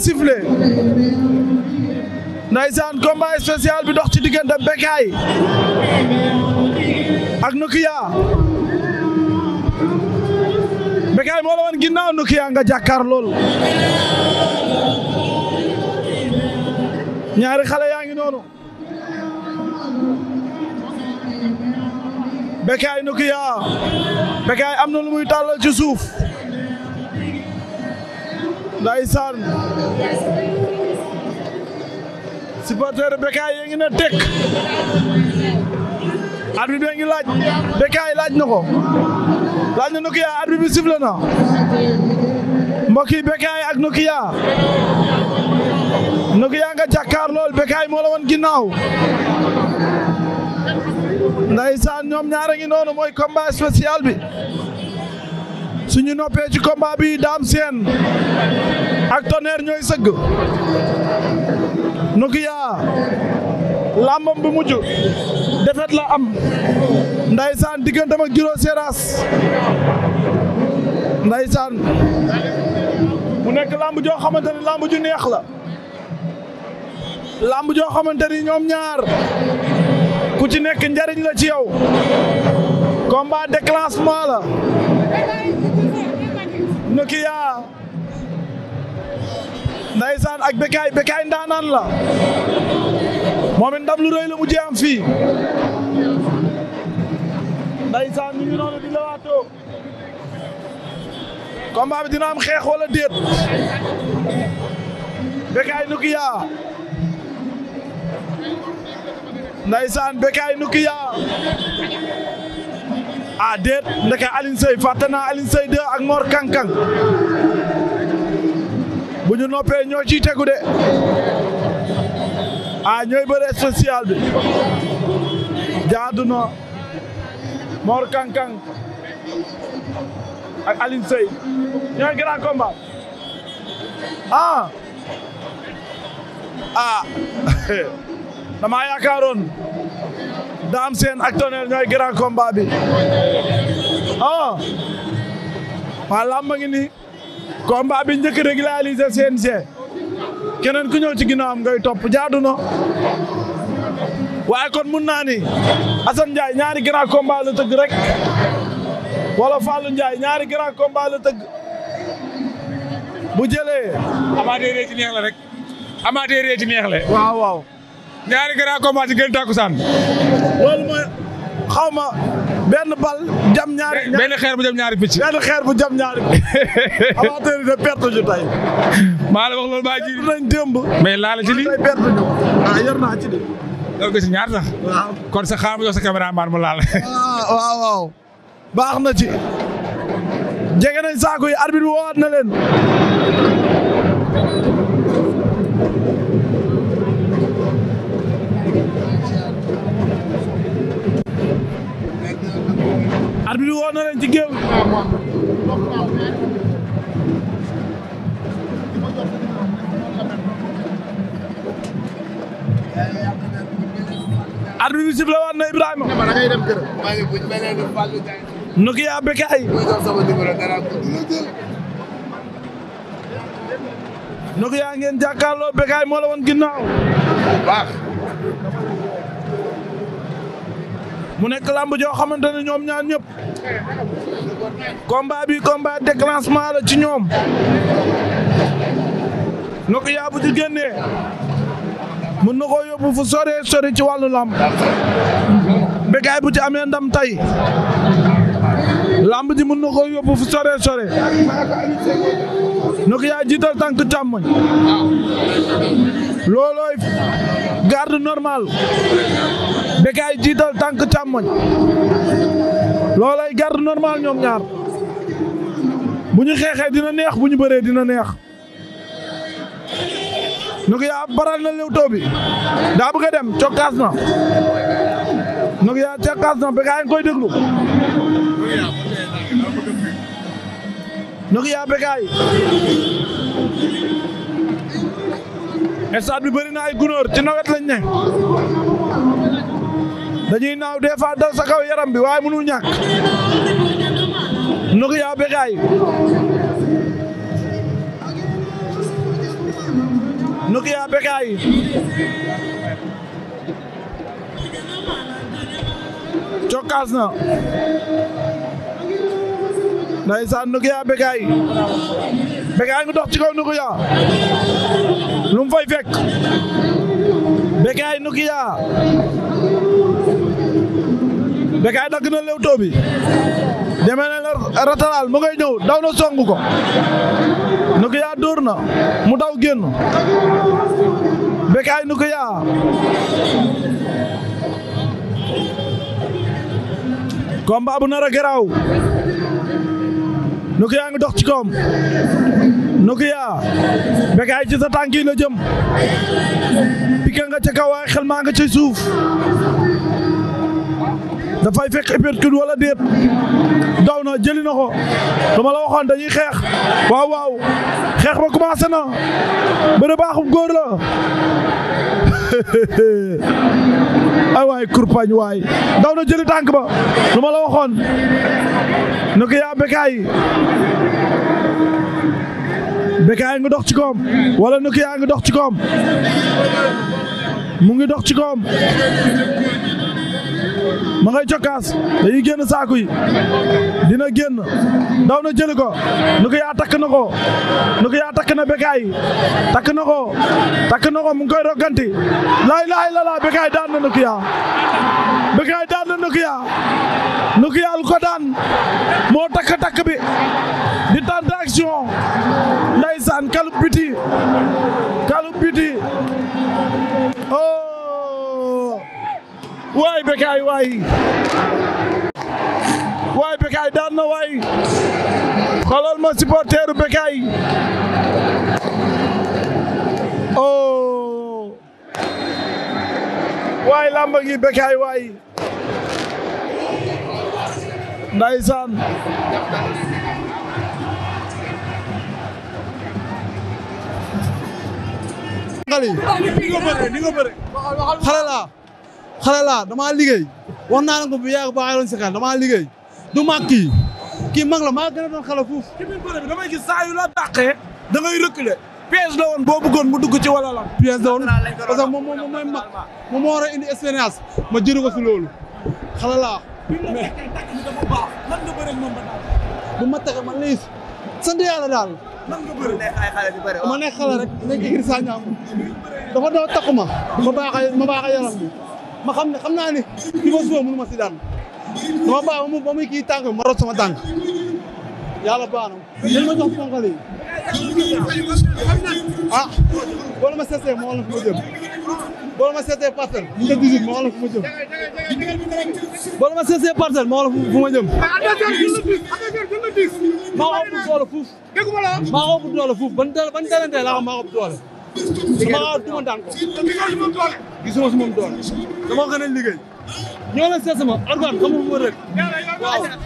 sifflé ndaysaan combat spécial bi dox ci diggante Bécaye ak Nokia Bécaye moo la woon ginnaaw nga jàkkaar lool ñaari xale yaa ngi noonu Bécaye Nokia Bécaye am na lu muy tàllal ci suuf ndeysaan supporter Bécaye yee ngi ne tek arbitre bi ngi laaj Bécaye laaj na ko laaj na Nokia arbitre bi sifflé na mbokk yi Bécaye ak Nokia Nokia nga jàkkaar lool Bécaye moo la woon ginnaaw ndeysaan ñoom ñaar a ngi noonu mooy combat spécial bi suñu noppee ci combat bi Dame seen ak Tonnerre ñooy sëgg Nokia làmbam bu mujj defet la am ndaysaan diggantam ak Guiro Seras ndaysaan mu nekk làmb joo xamante ne làmb ju neex la làmb joo xamante ni ñoom ñaar ku ci nekk njariñ la ci yow combat déclenchement la Nokia ndaysaan ak Bécaye Bécaye ndaanaan la moom it ndam la mu jéem fii ndaysaan ñu ngi noonu di lewaatoo combat bi dina am xeex wala déet Bécaye Nokia ndaysaan Bécaye Nokia ah déet ndeke Alioune Seye fàtte naa ak Mor Kankang bu ñu ñoo ciy tegu de ah ñooy bëre spécial bi jaadu na Mor Kankang ak Alioune Seye ñooy grand combat ah ah damaa yaakaaroon. Dame Sène ak Tonnerre ñooy grand combat bi ah waa làmb ngi ni combat bi njëkk régulariser CNG keneen ku ñëw ci ginnaawam ngay topp jaadu na waaye kon mun naa ni Assane Ndiaye ñaari grand combat la tëgg rek wala Fallou Ndiaye ñaari grand combat la tëgg bu jëlee. amaatee ree ci neex la rek amaatee ree ci neex la. waaw waaw. ñaari grand combat ci gën takkusaan. loolu mooy xaw ma benn bal jam ñaari. benn xeer bu jam ñaari picc. benn xeer bu jam ñaari picc. amateur de perte ju tey. maa la wax loolu baa ji nañ démb. mais laala ci lii perte ñu ah yor naa ci de. loolu gis ñaar sax. waaw kon sa xaar ma jox sa caméraman mu laal. Ah, waaw waaw baax na ci. jege nañ saako yi arbitre bi woowaat na leen. arbitre bi woo na leen ci géew arbitre bi sifflé waat na Ibrahima Nokia Bécaye Nokia ngeen jàkkaarloo Bécaye moo la woon ginnaaw baax mu nekk làmb joo xamante ne ñoom ñaar ñëpp combat bi combat déclenchement la ci ñoom no ko yaa bu ci génnee mën na koo yóbbu fu sore sore ci wàllu làmb Bécaye bu ci amee ndam tay làmb ji mën na koo yóbbu fu sore sore no ko yaa jiital tànk càmmoñ loolooy garde normal Bécaye jiital tànk càmmoñ loolay garde normal ñoom ñaar bu ñu xeexee dina neex bu ñu bëree dina neex Nokia baral na lewtoo bi daa bëgg a dem cokkaas na Nokia cokkaas na Bécaye ngi koy déglu stade bi bëri na ay gunóor ci nawet lañ ne dañuy naaw des fois dal kaw yaram bi waaye mënul ñàkk nu ko yaa begaay nu ko yaa begaay cokkaas na ndaysaan nu ko yaa begaay begaay ngi dox ci kaw nu ko yaa mu fay fekk Bécaye Nokia Bécaye dagg na lewtoo bi demee na la rataraal mu ngay ñëw daw na song ko Nokia dóor na mu daw génn Bécaye Nokia combat bu nar a garaaw Nokia ngi dox ci koom Nokia Bécaye ci sa tànk yi la jëm piqué nga ca kaw xel maa nga ci suuf dafay fekk uppercut wala déet daw na jëli na ko dama la waxoon dañuy xeex waaw waaw xeex ba commencé na bëre baaxum góor la ay waay kurpañ waay daw na jëli tànk ba dama la waxoon Nokia Bécaye Bécaye a ngi dox ci koom wala Nokia a ngi dox ci koom mu ngi dox ci koom ma ngay cokkaas dañuy génn saaku yi dina génn daw na jëli ko Nokia takk na ko Nokia takk na Bécaye takk na ko takk na ko mu ngi koy rogganti laay laay la laa Bécaye daan na Nokia Bécaye daan na Nokia Nokia lu daan moo takk takk bi production ndeysaan Kalu Biti Kalu Biti oh waay Bécaye waay waay Bécaye daan na waay xoolal ma supporteru oh waay lamba gi Bécaye waay ndeysaan xale laa xale laa damaa liggéey wax naa la ko bu yàgg baaxee woon liggéey du mag kii mag la maa gën doon xale fuuf ci biir bëre bi damay gis saa la dàqee da ngay reculer piège boo bëggoon mu dugg ci wala la piège moo woon moo war indi expérience ma jëri ko si loolu xale laa ma tege ma liis sant yàlla daal ma nekk xale rek nekk ngir saa ñaam dafa daw takku ma ma baax a ma baax a yaram ma xam ne xam naa ne li ma suba mënu ma si daan dama baax ba mu ba muy ma rot sama tànk yàlla baax ma jox ponkal yi ah boole ma seetee ma wala fu ma jëm boole ma seetee parcelle ma wala fu ma jëm boole ma seetee parcelle ma wala fu ma jëm maa ko ëpp doole fuuf. dégguma la maa ko ëpp doole fuuf ban dalante laa ko maa ko doole. su ma ko duma daan ko. gisuma su ma doole. dama ko gën a liggéey. ñoo leen seet sama organ xamul ma rek waaw.